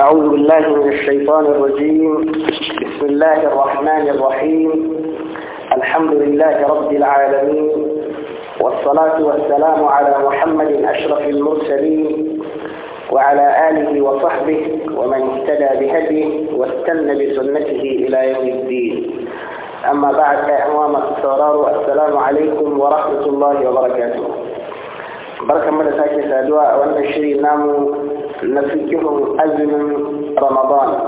أعوذ بالله من الشيطان الرجيم بسم الله الرحمن الرحيم الحمد لله رب العالمين والصلاة والسلام على محمد أشرف المرسلين وعلى آله وصحبه ومن اهتدى بهديه واستنى بسنته إلى يوم الدين أما بعد أعوام السرار السلام عليكم ورحمة الله وبركاته بركة مدى ساكي سادواء وأن الشري نامو نفكر أجل رمضان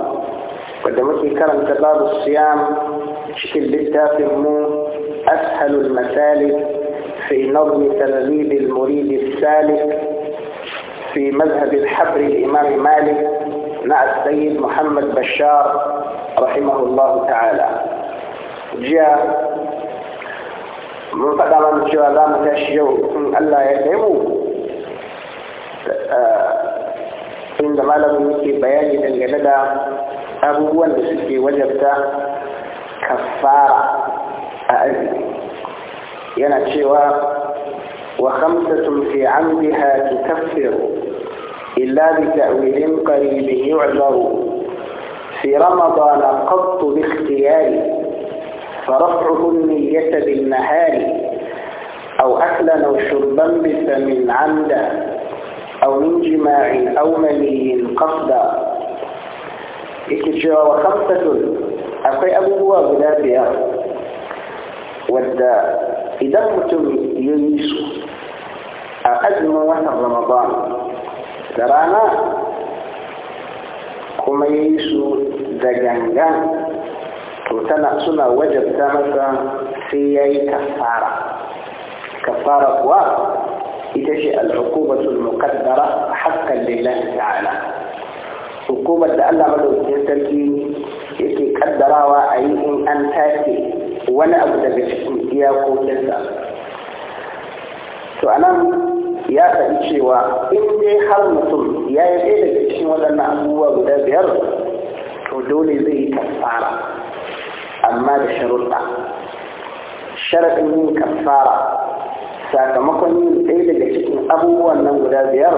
قدمتي كرم تباب الصيام شكل بالتافمو أسهل المسالك في نظم تنذيب المريد السالك في مذهب الحبر الإمام مالك مع السيد محمد بشار رحمه الله تعالى جاء من قدام الجوالان تشجو ألا يتعبوا inda malamin yake bayani dangane da abubuwan da suke wajabta kafara a azumi yana cewa wa khamsatun fi amdiha tukaffiru illa bi ta'wilin qaribin yu'zaru في رمضان قط باختياري فرفعه النية بالنهار أو أكلا أو شربا بثمن عمدا او من جماع او ملي قصد اكتشوا وخمسة اكوي ابو هو بلابيا ودى اذا قمتم ينيسو اقدم وحن رمضان درانا كما ينيسو دجنجان وتنا سنا وجب تمسا سيئي كفارة كفارة واحد لتجئ العقوبة المقدرة حقا لله تعالى عقوبة تألا مدو تنتكي يكي قدرا وعي إن أنتاكي وانا أبدا بشكم إياكو لسا فأنا يا سيدي وإني حرمتم يا إلى يبيل بشكم ولنا أبوه أبدا بيرد ودولي زي كفارة أما بشروطة شرط من كفاره sakamakon yin ɗaya daga cikin abubuwan nan guda biyar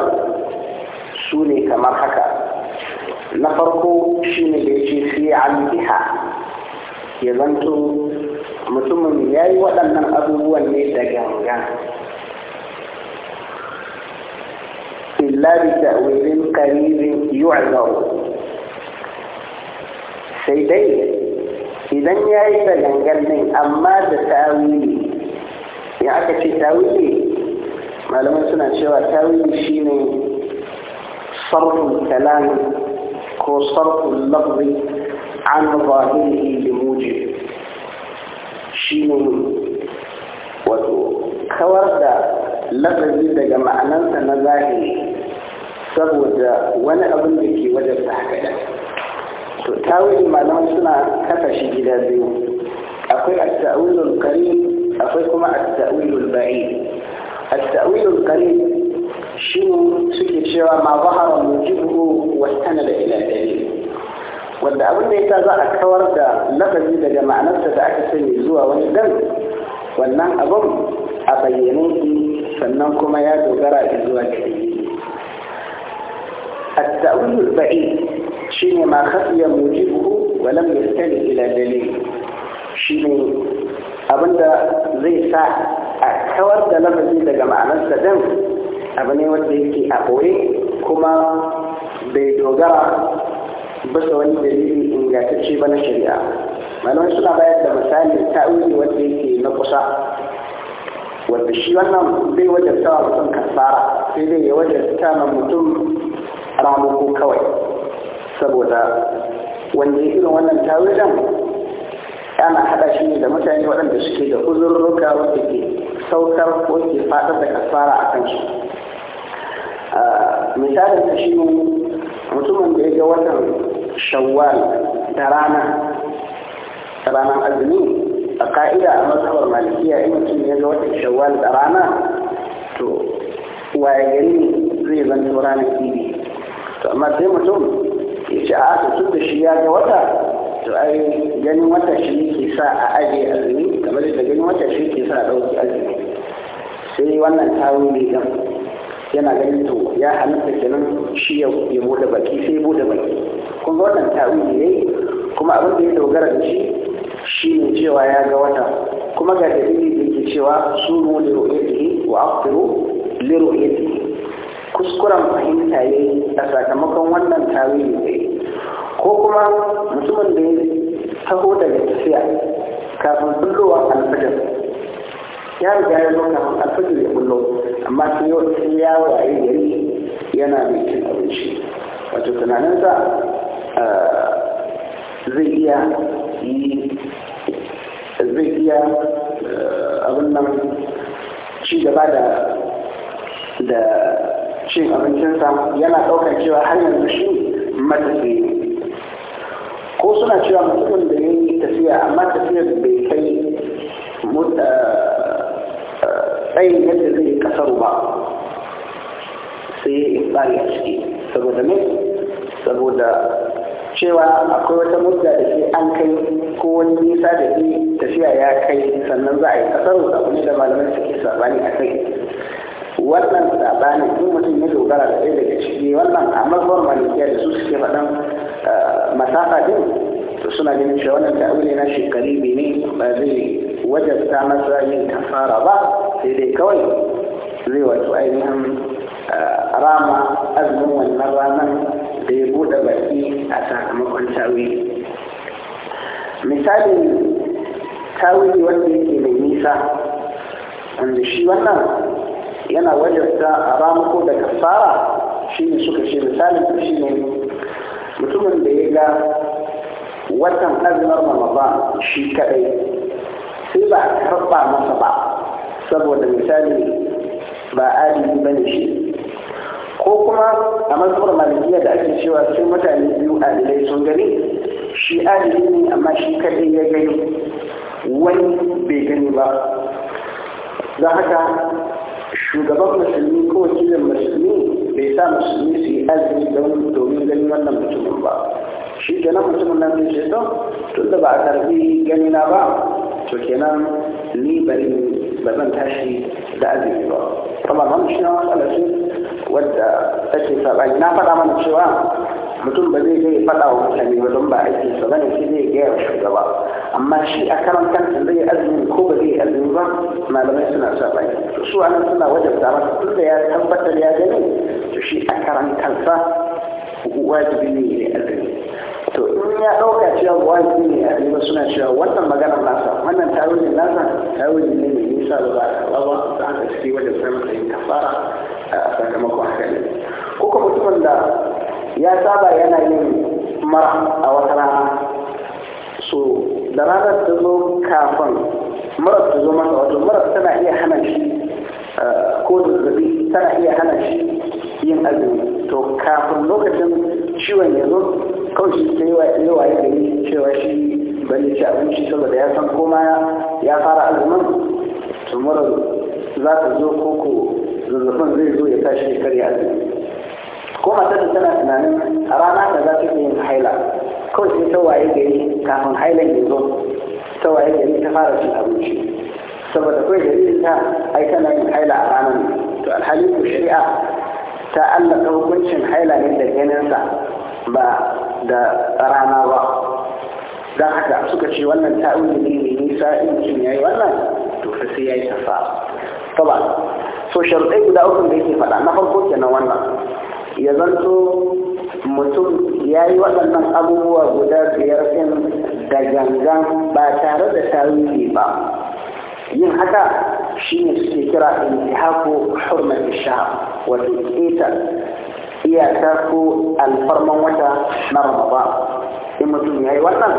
su ne kamar haka na farko shi ne da ya ce fi biha ya zanto mutumin ya yi waɗannan abubuwan ne da gangan illa bi ta'wilin qaribin yu'zar sai dai idan ya yi da gangan din amma da tawili ya aka ce tawili Malamai suna cewa tawili shine sarfin kalam ko sarfin lafzi an zahiri da muji shine wato kawar da lafazi daga ma'anansa na zahiri saboda wani abin da ke wajen haka to tawili malamai suna kasa shi gida biyu akwai a ta'awilul karim أخيكم التأويل البعيد التأويل القريب شنو سكت شوى ما ظهر موجبه واستند إلى دليل وإذا أقول لي لقد إذا جمعنا تدعك سني زوى ونقل وإنهم أظن أبينوني فإنكم يا دوغرا إزوى التأويل البعيد شنو ما خفي موجبه ولم يستند إلى دليل شنو abinda zai sa a kawar da lafazi daga ma'anarsa din abu ne wanda yake a ɓoye kuma bai dogara bisa wani dalili ingantacce ba na shari'a malamai suna bayar da misali wuce wanda yake na kusa wanda shi wannan bai wajen wa mutum kasara sai dai ya wajen ma mutum ramuku kawai saboda wanda ya irin wannan tawilan ana haɗa shi ne da mutane waɗanda suke da uzurruka wanda ke saukar ko ke faɗar da kasara a kan shi misalin ta shi mutumin da ya ga watan shawwal da rana da ranar azumi a ka'ida a matsalar malikiya in mutum ya ga watan shawwal da rana to waye gari zai zanto ranar ibi to amma sai mutum ya ce a tun da shi ya ga wata to ai ganin wata shi ke sa a aje azumi kamar da ganin wata shi ke sa a ɗauki azumi sai wannan ne ɗin yana ganin to ya halitta kenan shi ya bude baki sai bude baki kun ga wannan tawo ne kuma abin da ya dogara da shi shi ne cewa ya ga wata kuma ga dalili da ke cewa su mu da ru'yatihi wa aftiru li ru'yatihi kuskuren fahimta yi a sakamakon wannan tawo ne ko kuma mutumin da ya taho daga tafiya kafin bullowa alfajar ya riga ya zo kafin alfajar ya bullo amma sun yi sai ya waye gari yana mai cin abinci wato tunaninsa eh, zai iya yi zai iya eh, abin nan ci gaba da da cin abincinsa yana ɗaukar cewa har yanzu shi matafiya ko suna cewa mutumin da ya yi tafiya amma tafiyar bai kai eh, eh, tsayin yadda zai yi kasar ba sai ya ifari a ciki saboda me saboda cewa akwai wata mudda da ke an kai ko wani nisa da ke tafiya ya kai sannan za a yi kasar da ne da malamai suke sabani a kai wannan sabani in mutum ya dogara da ɗaya daga ciki wannan a mazbar malikiya da su suke faɗan eh, masaka din suna ganin cewa wannan ta'awuli na shi karibi ne ba zai wajabta masa yin kafara ba sai dai kawai zai wato ainihin rama azumin wannan ranar da ya buɗe baki a sakamakon ta'awuli misali ta'awuli wanda yake mai nisa wanda shi wannan yana wajabta a ramako da kafara shi ne suka ce misalin shi ne mutumin da ya ga watan azumin ramadan shi kadai sai ba a karɓa masa ba saboda misali ba adili ba ne shi ko kuma a matsabar malikiya da ake cewa sai mutane biyu a adilai sun gani shi adili ne amma shi kadai ya gani wani bai gani ba don haka shugaban musulmi ko wakilin musulmi bai sa musulmi su yi azumi don domin ganin wannan mutumin ba shi kenan mutumin nan zai ce tun da ba a karbi ganina ba to kenan ni bari ba zan tashi da azumi ba kuma nan shi na matsalar wadda ake saɓani na faɗa mana cewa mutum ba zai zai fada wa mutane ba don ba aiki sa bane shi zai gaya wa shugaba amma shi a karan kansa zai azumi ko ba zai azumi ba malamai suna sa baki su anan suna wajen da masa tun da ya tabbatar ya gani to shi a karan kansa wajibi ne ya azumi to in ya dauka cewa wajibi ne a ba suna cewa wannan maganar nasa wannan tawilin nasa tawilin ne mai nisa da ba a ba za a ciki wajen sai masa yin kafara a sakamakon haka ne ko kuma mutumin da ya saba yana yin mara a wata rana so da ranar ta zo kafin mara ta zo masa wato mara tana iya hana shi eh, ko zazzabi tana iya hana shi yin azumi to kafin lokacin ciwon ya zo kawai shi ta yi wa ya yi cewa shi bari ci abinci saboda ya san koma ya fara azumin to mara za ta zo koko zazzabin zai zo ya tashi ya karya azumi ko matar da tana tunanin a rana da za ta yin haila kawai sai ta waye gari kafin hailan ya zo ta waye gari ta fara cin abinci saboda kawai gari ta ai tana yin haila a ranar to alhali ko shari'a ta allaka hukuncin haila ne da ganinsa ba da rana ba don haka suka ce wannan ta'uli ne mai nisa in mutum ya yi wannan to fa sai ya yi tafa. Saba, so sharuɗai guda uku da yake faɗa na farko kenan wannan ya zanto mutum ya yi waɗannan abubuwa guda biyar ɗin da gangan ba tare da tarihi ba yin haka shi ne suke kira intihaku hurmar isha wato ƙeta iyaka ko alfarman wata na ramaba in mutum ya yi wannan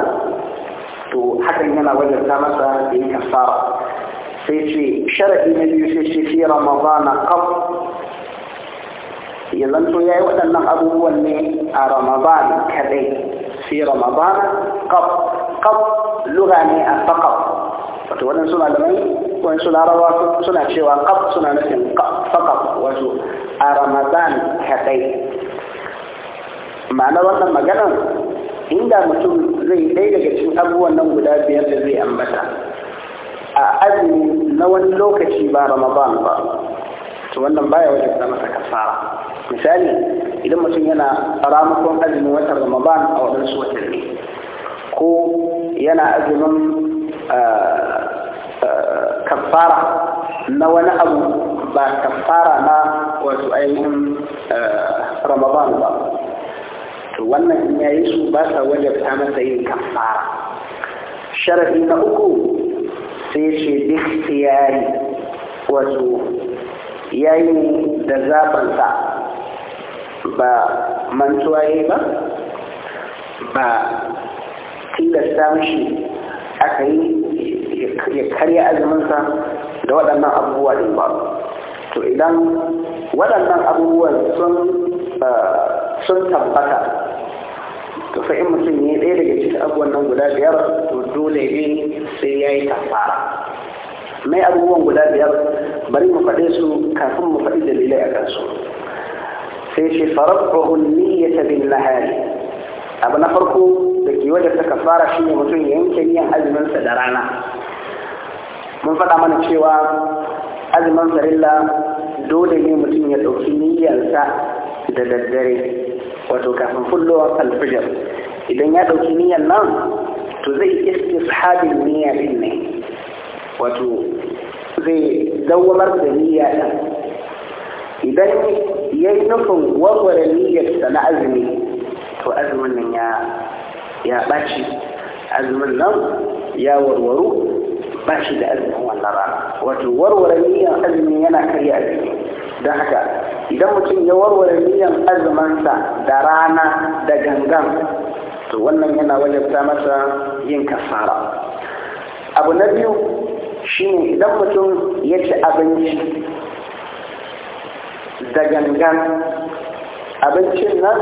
to hakan yana wajen ta masa yin kafara sai ce sharaɗi na biyu sai ce fi na kaf ya zanto ya yi waɗannan abubuwan ne a ramadan kaɗai fi ramadan kaf kaf lura ne a faƙaf wato wannan suna da mai wani suna cewa kaf suna nufin faƙaf wato a ramadan kaɗai ma'ana wannan maganar inda mutum zai ɗaya daga cikin abubuwan nan guda biyar da zai ambata a azumi na wani lokaci ba ramadan ba to wannan baya wajen da masa kasara misali idan mutum yana ramakon azumin watan ramadan a waɗansu watanni ko yana azumin kafara na wani abu ba kafara na wasu ainihin ramadan ba to wannan in yayi su ba sa wajen ta masa yin kafara sharafi na uku sai ce duk wasu yayi da zabansa ba mantuwa yi ba ba tilasta mishi aka yi ya karya azuminsa da waɗannan abubuwa ɗin ba to idan waɗannan abubuwan sun tabbata to sai in mutum ne ɗaya daga cikin abubuwan nan guda biyar to dole ne sai ya yi tafara, mai abubuwan guda biyar bari mu faɗe su kafin mu faɗi dalilai a kansu sai ce farabbahu niyyata bin nahari abu na farko da ke wajen ta kafara shine mutum ya yanke niyan azuminsa da rana mun faɗa mana cewa azumin farilla dole ne mutum ya ɗauki niyyarsa da daddare wato kafin fullowar alfijir idan ya ɗauki niyyar nan to zai istishabin niyya din ne wato zai dawamar da niyya idan ya yi nufin warware niyyarsa na azumi to azumin nan ya ɓaci azumin nan ya warwaru ɓaci da azumin wannan rana wato warware niyyar azumi yana karya azumi don haka idan mutum ya warware niyyar azumansa da rana da gangan to wannan yana wajabta masa yin kasara abu na biyu shine idan mutum ya ci abinci da gangan abincin nan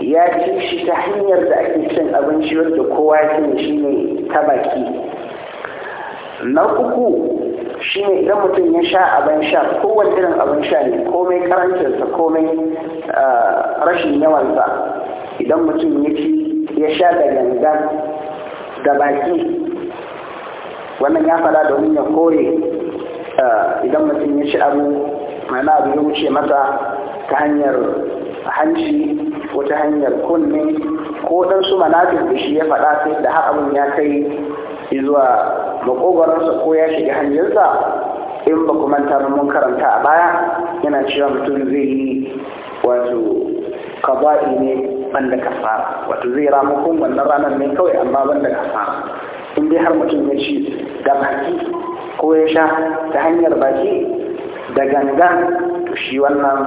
ya ci shi ta hanyar da ake cin abinci wanda kowa ya shi ne ta baki na uku shi ne idan mutum ya sha abin sha kowane irin abin sha ne komai karancinsa komai ah, rashin yawansa idan mutum ya ci ya sha da gangan da baki wannan ya fada domin ya kore ah, idan mutum ya ci abu mana abu ya wuce mata ta hanyar hanci ko ta hanyar kunne ko dan su manafin da shi ya faɗa sai da har abin ya kai zuwa makogwaransa ko ya shiga hanyarsa in ba ku manta mun karanta a baya yana cewa mutum zai yi wato kaba'i ne banda kafara wato zai ramukun wannan ranar ne kawai amma banda kafara in dai har mutum ya ci da baki ko ya sha ta hanyar baki da gangan to shi wannan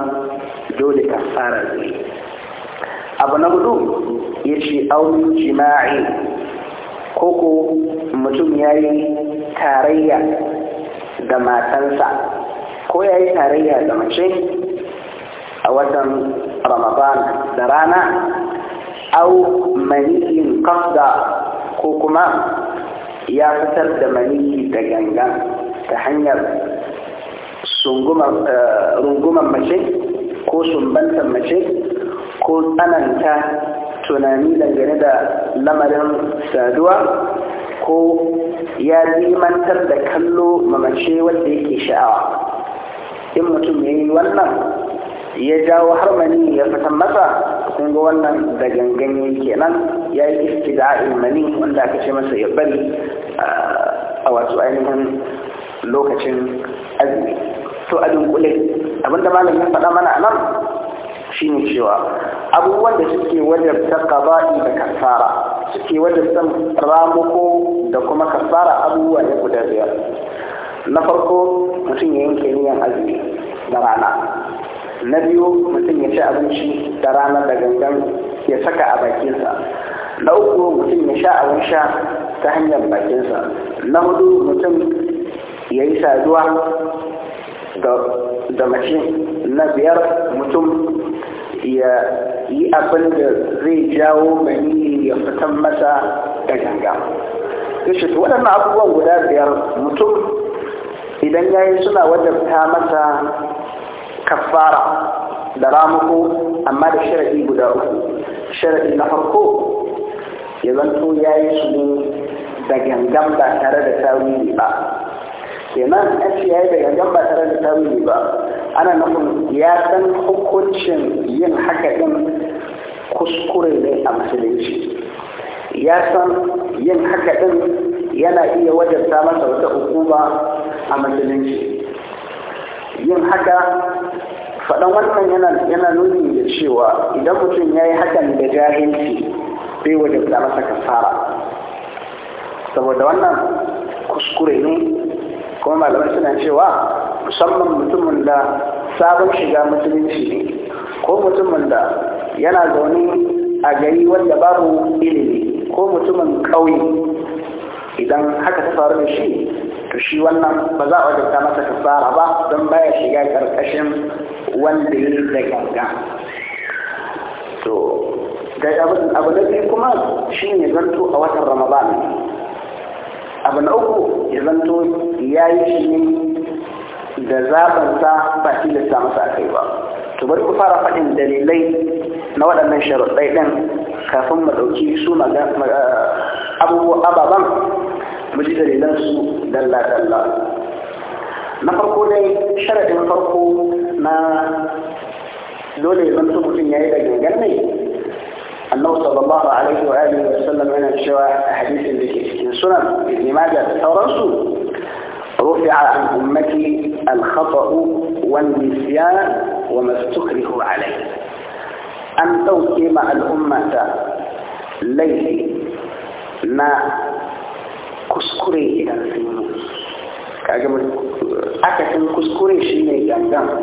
dole ka fara zai abu na hudu ya ce aunin jima'i koko mutum ya yi tarayya da matansa ko ya yi tarayya da mace a watan ramadan da rana au maniyin kafda ko kuma ya fitar da maniyi da gangan ta hanyar Eh, runguman mace ko sumbantar mace ko tsananta tunani dangane da lamarin saduwa ko ya limantar da kallo ma mace wadda yake sha'awa in mutum ya yi wannan ya jawo harmani ya fitan masa kun ga wannan da gangan kenan ya yi da iski istida'in mani wanda aka ce masa ya bari eh, a wasu ainihin lokacin azumi to a dunkule abinda malam ya faɗa mana nan shi ne cewa abubuwan da suke wajabta qada'i da kasara suke wajen san ramuko da kuma kasara abubuwa ne guda biyar na farko mutum ya yanke niyan azumi da rana na biyu mutum ya ci abinci da rana da gangan ya saka a bakinsa na uku mutum ya sha abin sha ta hanyar bakinsa na hudu mutum ya yi saduwa da mace na biyar mutum ya yi abin da zai jawo mani ya fita masa da ganga yace waɗannan abubuwan guda biyar mutum idan ya yi suna wajabta masa kafara da ramuku amma da sharaɗi guda uku sharaɗi na farko ya zanto ya yi su ne da gangan ba tare da tawili ba kenan ake yayi da gangan ba tare da tawili ba ana nufin ya san hukuncin yin haka din kuskure ne a musulunci ya san yin haka din yana iya wajen samar da wata hukuma a musulunci yin haka faɗan wannan yana nuni da cewa idan mutum ya yi hakan da jahilci bai wajen samar da kasara saboda wannan kuskure ne kuma malamai suna cewa musamman mutumin da sabon shiga musulunci ne ko mutumin da yana zaune a gari wanda babu ilimi ko mutumin ƙauye idan haka ta faru da shi to shi wannan ba za a wajabta masa ta fara ba don baya shiga ƙarƙashin wanda ya yi da ganga to da abu da kuma shi ne zanto a watan ramadan abu na uku ya zanto ya yi shi ne da zaɓinsa ba shi tilasta masa kai ba to bari ku fara faɗin dalilai na waɗannan sharuɗai ɗin kafin mu ɗauki su eh, abubuwa ababen mu ji dalilan su dalla-dalla na farko dai sharaɗin farko na dole ya zanto mutum ya yi da gangan ne annabi sallallahu alaihi wa alihi wa sallam yana cewa a hadisin da ke السنن ابن ماجه ورسول رفع عن أمتي الخطأ والنسيان وما استكره عليه أن توقيم الأمة ليه na kuskure idan sun yi kaga akasin kuskure shi ne gangan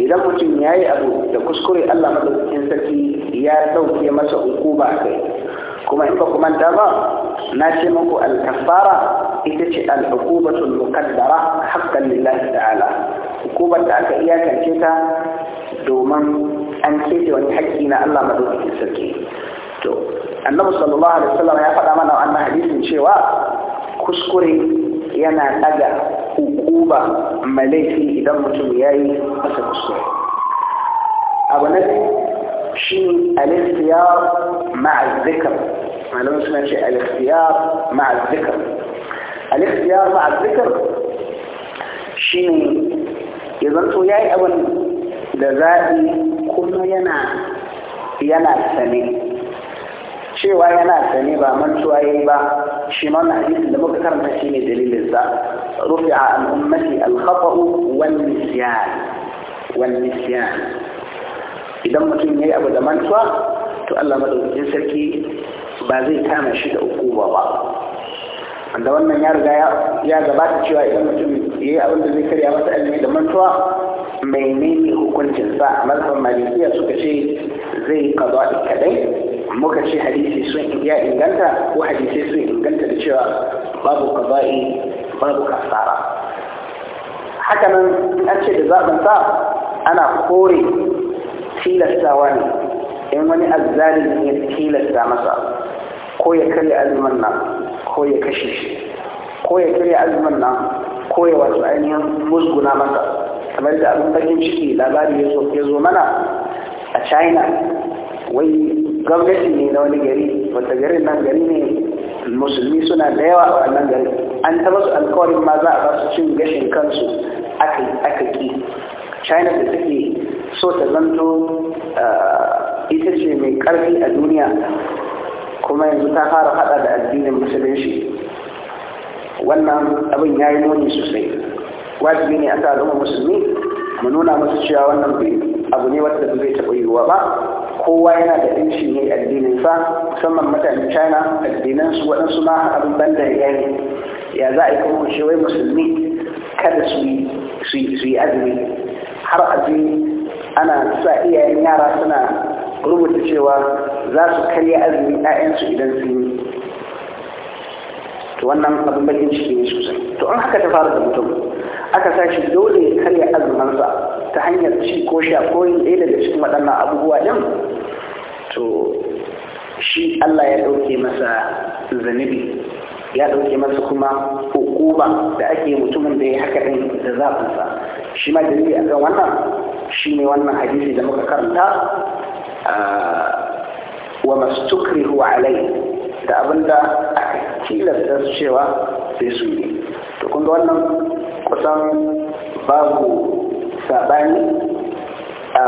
idan mutum ya yi abu da kuskure allah maɗaukakin sarki ya ɗauke masa hukuma a kai kuma in ba ku manta ba na ce muku alkafara ita ce al'ukubatul muqaddara haqqan lillahi ta'ala hukumar da aka kance ta domin an kece wani haƙƙi na Allah madaukakin sarki to annabi sallallahu alaihi wasallam ya faɗa mana wannan hadisin cewa kuskure yana daga ukuba malaifi idan mutum ya yi masa kuskure abu na shi alistiyar ma'a malamin suna ce al-ikhtiyar ma'a zikr al-ikhtiyar ya zanto yayi abin kuma yana yana sane cewa yana sane ba mantuwa ya yi ba shi ma wannan hadisin da muka karanta shi ne dalilin sa rufi'a an ummati al idan mutum yayi abu da mantuwa to Allah sarki ba zai kama shi da hukuma ba wanda wannan ya riga ya gabata cewa idan mutum ya yi abin da zai karya masa azumi da mantuwa mai nemi hukuncin sa mazhaban malikiya suka ce zai kaza kadai muka ce hadisi sun ya inganta ko hadisi sun inganta da cewa babu kaza'i babu kasara haka nan an ce da zaɓin sa ana kore tilastawa ne in wani azzalin ya tilasta masa ko ya karya azumin nan ko ya kashe shi ko ya karya azumin nan ko ya wato ainihin musguna masa kamar da abin bakin ciki labari ya zo mana a china wai gwamnati ne na wani gari wata garin nan gari ne musulmi suna da yawa a wannan gari an taba su alkawarin ma za a ba su cin gashin kansu aka ki china da take so ta zanto eh, ita ce mai karfi a duniya kuma yanzu ta fara hada da addinin musulunci wannan abin ya yi muni sosai wajibi ne a ta musulmi mu nuna musu cewa wannan abu ne wanda zai taɓa yiwuwa ba kowa yana da ɗinci ne addininsa musamman mutanen china addinansu waɗansu ma abin banda ya yi ya za a yi kuma wai musulmi kada su yi azumi har azumi ana sa iyayen yara suna rubuta cewa za su karya azumi 'ya'yansu idan sun yi to wannan abin bakin ciki ne sosai to an haka ta fara da mutum aka sashi dole ya karya azumansa ta hanyar ci ko sha ko yin ɗaya daga cikin waɗannan abubuwa ɗin to shi Allah ya ɗauke masa zanibi ya ɗauke masa kuma hukuma da ake mutumin da ya haka ɗin da zafinsa shi ma dalili akan wannan shi ne wannan hadisi da muka karanta ah, wa mastukrihu alai da abinda aka tilasta cewa sai su yi to kun wannan kusan babu sabani a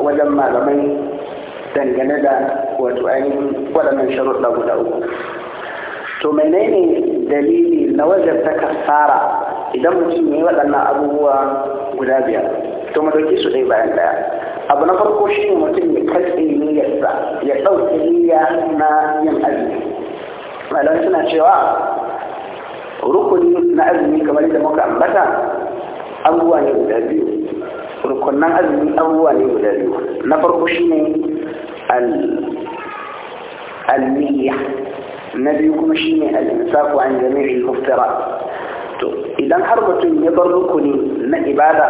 wajen malamai dangane da wato ainihin waɗannan sharuɗa guda uku to menene dalili na wajen ta kasara idan mutum ya yi waɗannan abubuwa guda biyar to mataki su ɗaya bayan ɗaya abu na farko shi ne mutum ya karfe niyyarsa ya ɗauke niyya na yin azumi malamai suna cewa rukuni na azumi kamar yadda muka ambata abubuwa ne guda biyu rukunan azumi abubuwa ne guda biyu na farko shi ne al-niyya na biyu kuma shi ne al-insafu an jami'in muftara to idan har mutum ya bar rukuni na ibada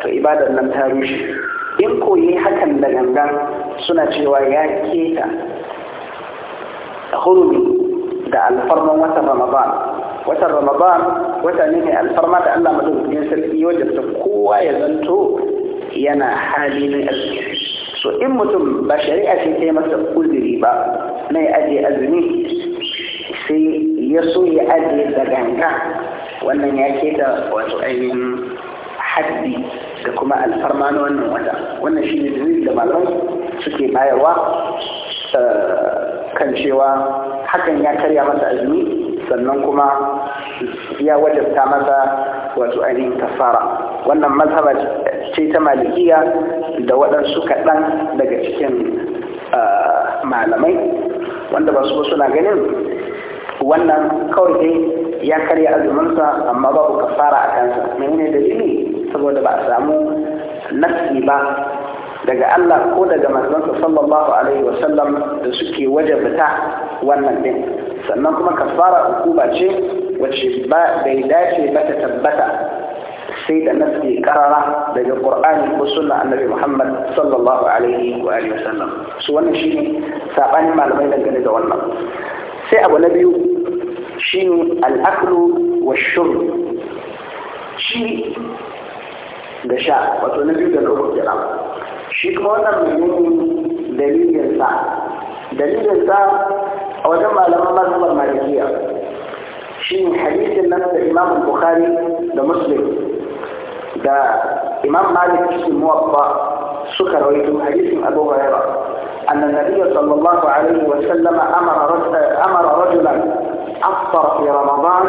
to ibadar nan ta rushe in koyi hakan da gangan suna cewa ya keta hurumi da alfarman watan ramadan watan ramadan wata ne mai alfarma da allah madaukakin sarki wajen ta kowa ya zanto yana hali na alkhairi so in mutum ba shari'a ce ta yi masa uzuri ba na ya ajiye azumi sai ya so ya ajiye da ganga wannan ya keta wato ainihin haddi da kuma alfarma na wannan wata wannan shi ne dalilin da malam suke bayarwa eh, kan cewa hakan ya karya masa azumi sannan kuma ya wajabta masa wato ainihin kafara wannan mazhaba ce ta malikiya da waɗansu kaɗan daga cikin eh, malamai wanda ba su suna ganin wannan kawai dai ya karya azuminsa amma babu kafara a kansa menene dalili saboda ba a samu nafsi ba daga Allah ko daga manzonsa sallallahu alaihi wasallam da suke wajabta wannan din sannan kuma kafara hukuma ce wacce ba bai dace ba ta tabbata sai da nafsi karara daga Qur'ani ko sunna Annabi Muhammad sallallahu alaihi wa alihi wasallam su wannan shine sabanin malamai dangane da wannan sai abu na biyu شيء الأكل والشرب شيء دشاء وتنبيك الأمر جرام شيء كونا من دليل ينسى دليل ينسى أولما لما ما تقول مالكية شيء حديث النفس الإمام البخاري لمسلم دا إمام مالك اسم موفى سكر ويتم حديث أبو غيره أن النبي صلى الله عليه وسلم أمر رجلا, أمر رجلاً أفطر في رمضان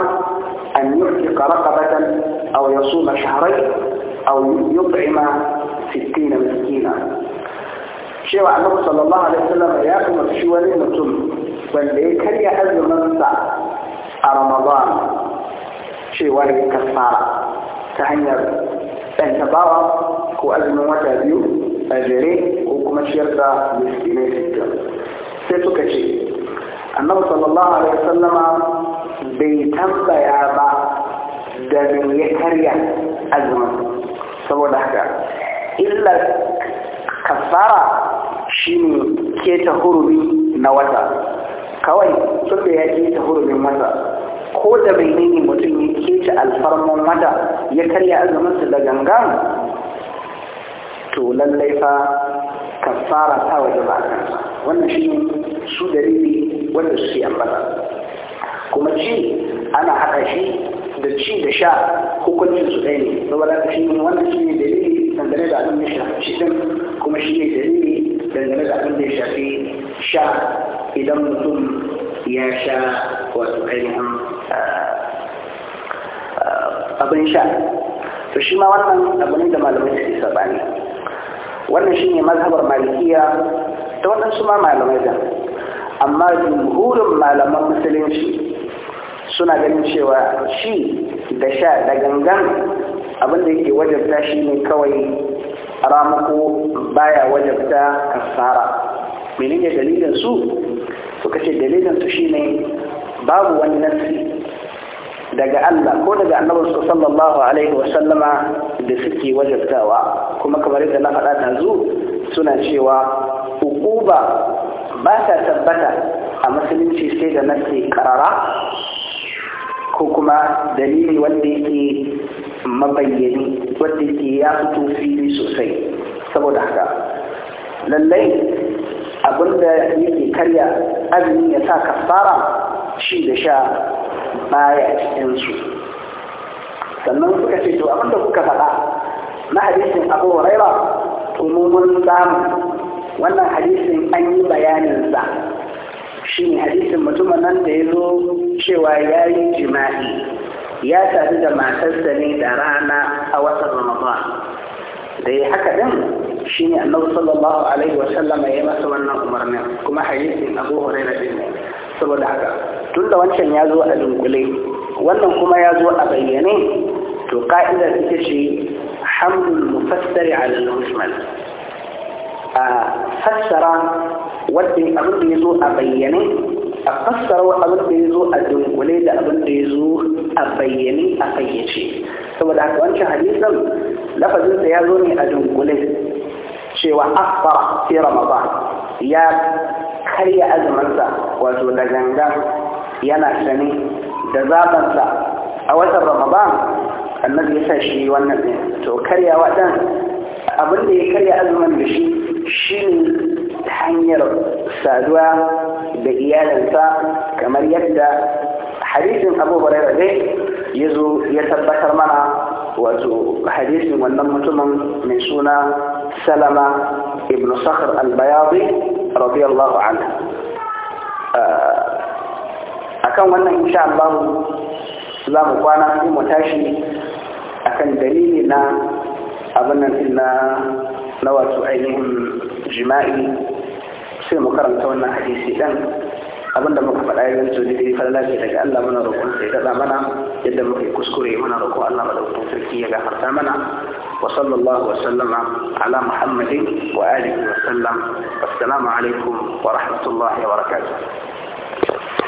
أن يحرق رقبة أو يصوم شهرين أو يطعم ستين مسكينا شيوع النبي صلى الله عليه وسلم ياكم شوى لنتم وليك هل يحذر منسى رمضان شوى لكفارة تهنر أن تضارى كو أذن وتهديو أجري وكما شيرتا مسكينا ستين ستوكا شيء annabi sallallahu alaihi wasallama bai tambaya ba da ya karya azumin saboda haka illar kasara shine keta hurumi na wata kawai tunda ya keta hurumin wata ko da menene mutum ya keta alfarmon wata ya karya su da gangan to lallai fa kafara ta waje ba wannan shi su dalili wanda su ambata kuma ci ana haka shi da ci da sha hukuncin su ɗaya ne saboda ka shi wannan shi ne dalili dangane da abin da ya shafi shi ɗin kuma shi ne dalili dangane da abin da ya shafi sha idan mutum ya sha wato ainihin ah, ah, abin sha to shi ma wannan abu ne da malamai suke ne. wannan shine mazhabar malikiya ta waɗansu ma malamai da amma jumhurin malaman musulunci suna ganin cewa shi da sha da gangan abinda yake wajabta shi ne kawai ramako baya wajabta kasara menene dalilin su suka ce dalilin su shine babu wani nasi daga Allah ko daga annabi sallallahu alaihi wasallama da suke wajabtawa kuma kamar yadda na faɗa yanzu suna cewa hukuba ba ta tabbata a musulunci sai da nasi karara ko kuma dalili wanda yake mabayyani wanda yake ya fito fili sosai saboda haka lallai abinda yake karya azumi ya sa kafara shi da sha baya cikinsu sannan suka ce to abinda kuka faɗa na hadisin abu huraira to mun mun samu wannan hadisin an yi bayaninsa shi ne hadisin mutumin nan da ya zo cewa ya yi jima'i ya sadu da matarsa ne da rana a watan ramadan da ya haka din shi ne annabi sallallahu alaihi wa sallama ya masa wannan umarnin kuma hadisin abu huraira din ne saboda haka tun da wancan ya zo a dunkule wannan kuma ya zo a bayyane to ka'idar ita ce حمل المفسر على المجمل آه، فسر ودي أبن يزو أبيني فسر أبن يزو أدن وليد أبن يزو أبيني أقيتي ثم دعك وانش حديثا لفظ سيازوني أدن وليد شوى أخطر في رمضان يا خلي أزمان سا وزو لجنجا يا سني دزابا سا أوسر رمضان annabi ya sa shi wannan to karyawa dan abin da ya karya azumin da shi shi ne hanyar saduwa da iyalinsa kamar yadda hadisin abu barera dai ya zo ya tabbatar mana wato hadisin wannan mutumin mai suna salama ibn sakhr al-bayadi radiyallahu anhu akan ah, wannan insha Allah za mu kwana sai mu tashi akan dalili na abin nan na na wato ainihin jima'i sai mu karanta wannan hadisi dan abinda muka faɗa yin to da fara lafiya daga Allah mana roƙon sai da mana yadda muka kuskure mana roƙo Allah madaukakin sarki ya gafarta mana wa sallallahu wa sallama ala muhammadin wa alihi wa sallam assalamu alaikum wa rahmatullahi wa barakatuh